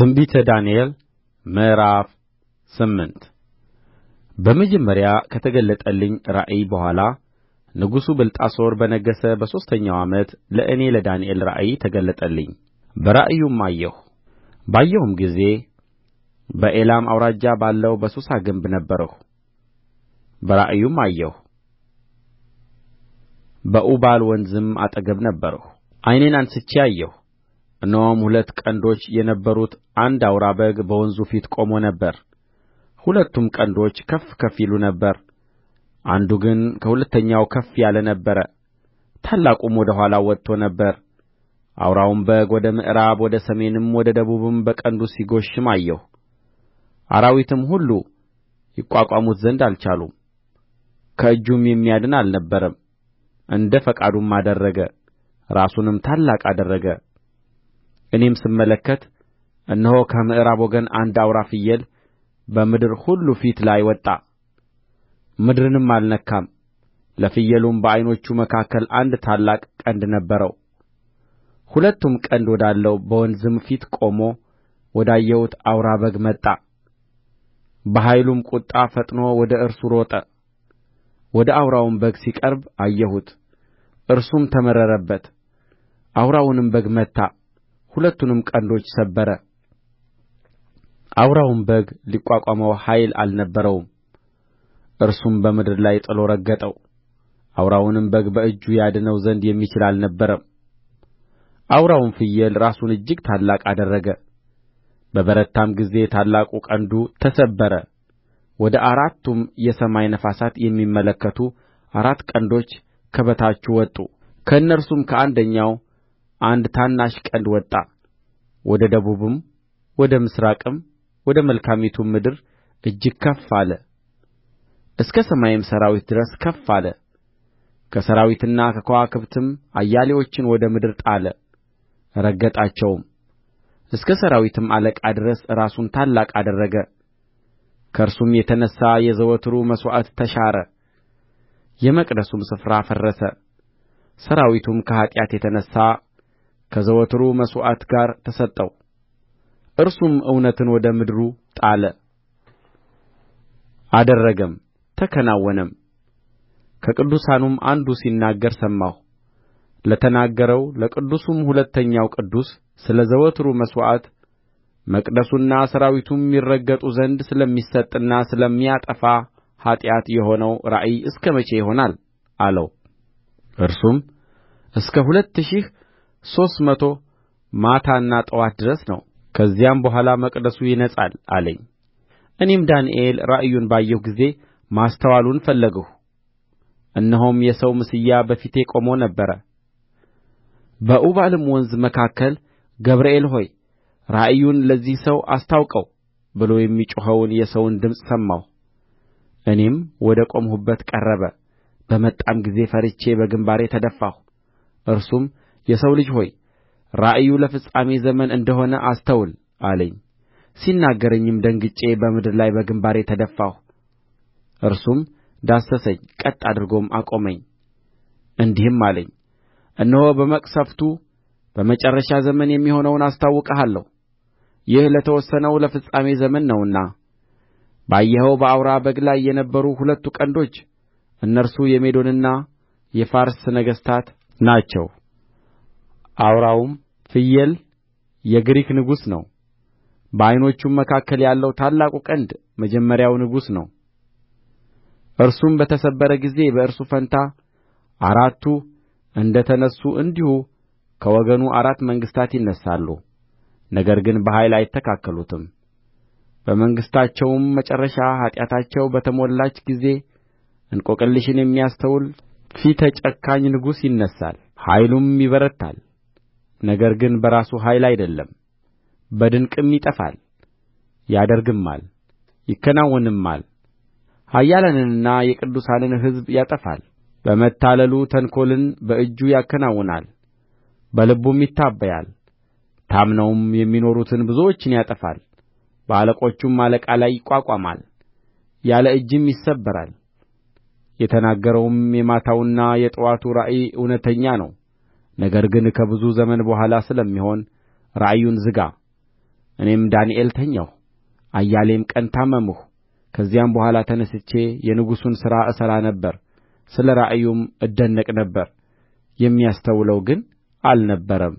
ትንቢተ ዳንኤል ምዕራፍ ስምንት በመጀመሪያ ከተገለጠልኝ ራእይ በኋላ ንጉሡ ብልጣሶር በነገሠ በሦስተኛው ዓመት ለእኔ ለዳንኤል ራእይ ተገለጠልኝ በራእዩም አየሁ ባየሁም ጊዜ በኤላም አውራጃ ባለው በሱሳ ግንብ ነበርሁ በራእዩም አየሁ በኡባል ወንዝም አጠገብ ነበርሁ ዓይኔን አንሥቼ አየሁ እነሆም ሁለት ቀንዶች የነበሩት አንድ አውራ በግ በወንዙ ፊት ቆሞ ነበር ሁለቱም ቀንዶቹ ከፍ ከፍ ይሉ ነበር አንዱ ግን ከሁለተኛው ከፍ ያለ ነበረ ታላቁም ወደ ኋላው ወጥቶ ነበር አውራውም በግ ወደ ምዕራብ ወደ ሰሜንም ወደ ደቡብም በቀንዱ ሲጐሽም አየሁ አራዊትም ሁሉ ይቋቋሙት ዘንድ አልቻሉም ከእጁም የሚያድን አልነበረም እንደ ፈቃዱም አደረገ ራሱንም ታላቅ አደረገ እኔም ስመለከት እነሆ ከምዕራብ ወገን አንድ አውራ ፍየል በምድር ሁሉ ፊት ላይ ወጣ ምድርንም አልነካም ለፍየሉም በዓይኖቹ መካከል አንድ ታላቅ ቀንድ ነበረው ሁለቱም ቀንድ ወዳለው በወንዝም ፊት ቆሞ ወዳየሁት አውራ በግ መጣ በኃይሉም ቍጣ ፈጥኖ ወደ እርሱ ሮጠ ወደ አውራውም በግ ሲቀርብ አየሁት እርሱም ተመረረበት አውራውንም በግ መታ ሁለቱንም ቀንዶች ሰበረ አውራውም በግ ሊቋቋመው ኃይል አልነበረውም እርሱም በምድር ላይ ጥሎ ረገጠው አውራውንም በግ በእጁ ያድነው ዘንድ የሚችል አልነበረም አውራውም ፍየል ራሱን እጅግ ታላቅ አደረገ በበረታም ጊዜ ታላቁ ቀንዱ ተሰበረ ወደ አራቱም የሰማይ ነፋሳት የሚመለከቱ አራት ቀንዶች ከበታቹ ወጡ ከእነርሱም ከአንደኛው አንድ ታናሽ ቀንድ ወጣ ወደ ደቡብም ወደ ምሥራቅም ወደ መልካሚቱም ምድር እጅግ ከፍ አለ እስከ ሰማይም ሠራዊት ድረስ ከፍ አለ ከሠራዊትና ከከዋክብትም አያሌዎችን ወደ ምድር ጣለ ረገጣቸውም እስከ ሠራዊትም አለቃ ድረስ ራሱን ታላቅ አደረገ ከእርሱም የተነሣ የዘወትሩ መሥዋዕት ተሻረ የመቅደሱም ስፍራ ፈረሰ ሠራዊቱም ከኃጢአት የተነሣ ከዘወትሩ መሥዋዕት ጋር ተሰጠው እርሱም እውነትን ወደ ምድሩ ጣለ አደረገም ተከናወነም ከቅዱሳኑም አንዱ ሲናገር ሰማሁ ለተናገረው ለቅዱሱም ሁለተኛው ቅዱስ ስለ ዘወትሩ መሥዋዕት መቅደሱና ሠራዊቱም ይረገጡ ዘንድ ስለሚሰጥና ስለሚያጠፋ ኃጢአት የሆነው ራእይ እስከ መቼ ይሆናል አለው እርሱም እስከ ሁለት ሺህ ሦስት መቶ ማታና ጥዋት ድረስ ነው ከዚያም በኋላ መቅደሱ ይነጻል አለኝ እኔም ዳንኤል ራእዩን ባየሁ ጊዜ ማስተዋሉን ፈለግሁ እነሆም የሰው ምስያ በፊቴ ቆሞ ነበር በኡባልም ወንዝ መካከል ገብርኤል ሆይ ራእዩን ለዚህ ሰው አስታውቀው ብሎ የሚጮኸውን የሰውን ድምፅ ሰማሁ እኔም ወደ ቆምሁበት ቀረበ በመጣም ጊዜ ፈርቼ በግምባሬ ተደፋሁ እርሱም የሰው ልጅ ሆይ ራእዩ ለፍጻሜ ዘመን እንደ ሆነ አስተውል አለኝ ሲናገረኝም ደንግጬ በምድር ላይ በግምባሬ ተደፋሁ እርሱም ዳሰሰኝ ቀጥ አድርጎም አቆመኝ እንዲህም አለኝ እነሆ በመቅሠፍቱ በመጨረሻ ዘመን የሚሆነውን አስታውቅሃለሁ ይህ ለተወሰነው ለፍጻሜ ዘመን ነውና ባየኸው በአውራ በግ ላይ የነበሩ ሁለቱ ቀንዶች እነርሱ የሜዶንና የፋርስ ነገሥታት ናቸው አውራውም ፍየል የግሪክ ንጉሥ ነው በዓይኖቹም መካከል ያለው ታላቁ ቀንድ መጀመሪያው ንጉሥ ነው እርሱም በተሰበረ ጊዜ በእርሱ ፋንታ አራቱ እንደ ተነሡ እንዲሁ ከወገኑ አራት መንግሥታት ይነሣሉ ነገር ግን በኃይል አይተካከሉትም በመንግሥታቸውም መጨረሻ ኃጢአታቸው በተሞላች ጊዜ እንቈቅልሽን የሚያስተውል ፊተ ጨካኝ ንጉሥ ይነሣል ኃይሉም ይበረታል ነገር ግን በራሱ ኃይል አይደለም በድንቅም ይጠፋል ያደርግማል ይከናወንማል ኃያላንንና የቅዱሳንን ሕዝብ ያጠፋል በመታለሉ ተንኰልን በእጁ ያከናውናል በልቡም ይታበያል ታምነውም የሚኖሩትን ብዙዎችን ያጠፋል በአለቆቹም አለቃ ላይ ይቋቋማል ያለ እጅም ይሰበራል የተናገረውም የማታውና የጥዋቱ ራእይ እውነተኛ ነው ነገር ግን ከብዙ ዘመን በኋላ ስለሚሆን ራእዩን ዝጋ እኔም ዳንኤል ተኛሁ አያሌም ቀን ታመምሁ ከዚያም በኋላ ተነሥቼ የንጉሡን ሥራ እሠራ ነበር ስለ ራእዩም እደነቅ ነበር የሚያስተውለው ግን አልነበረም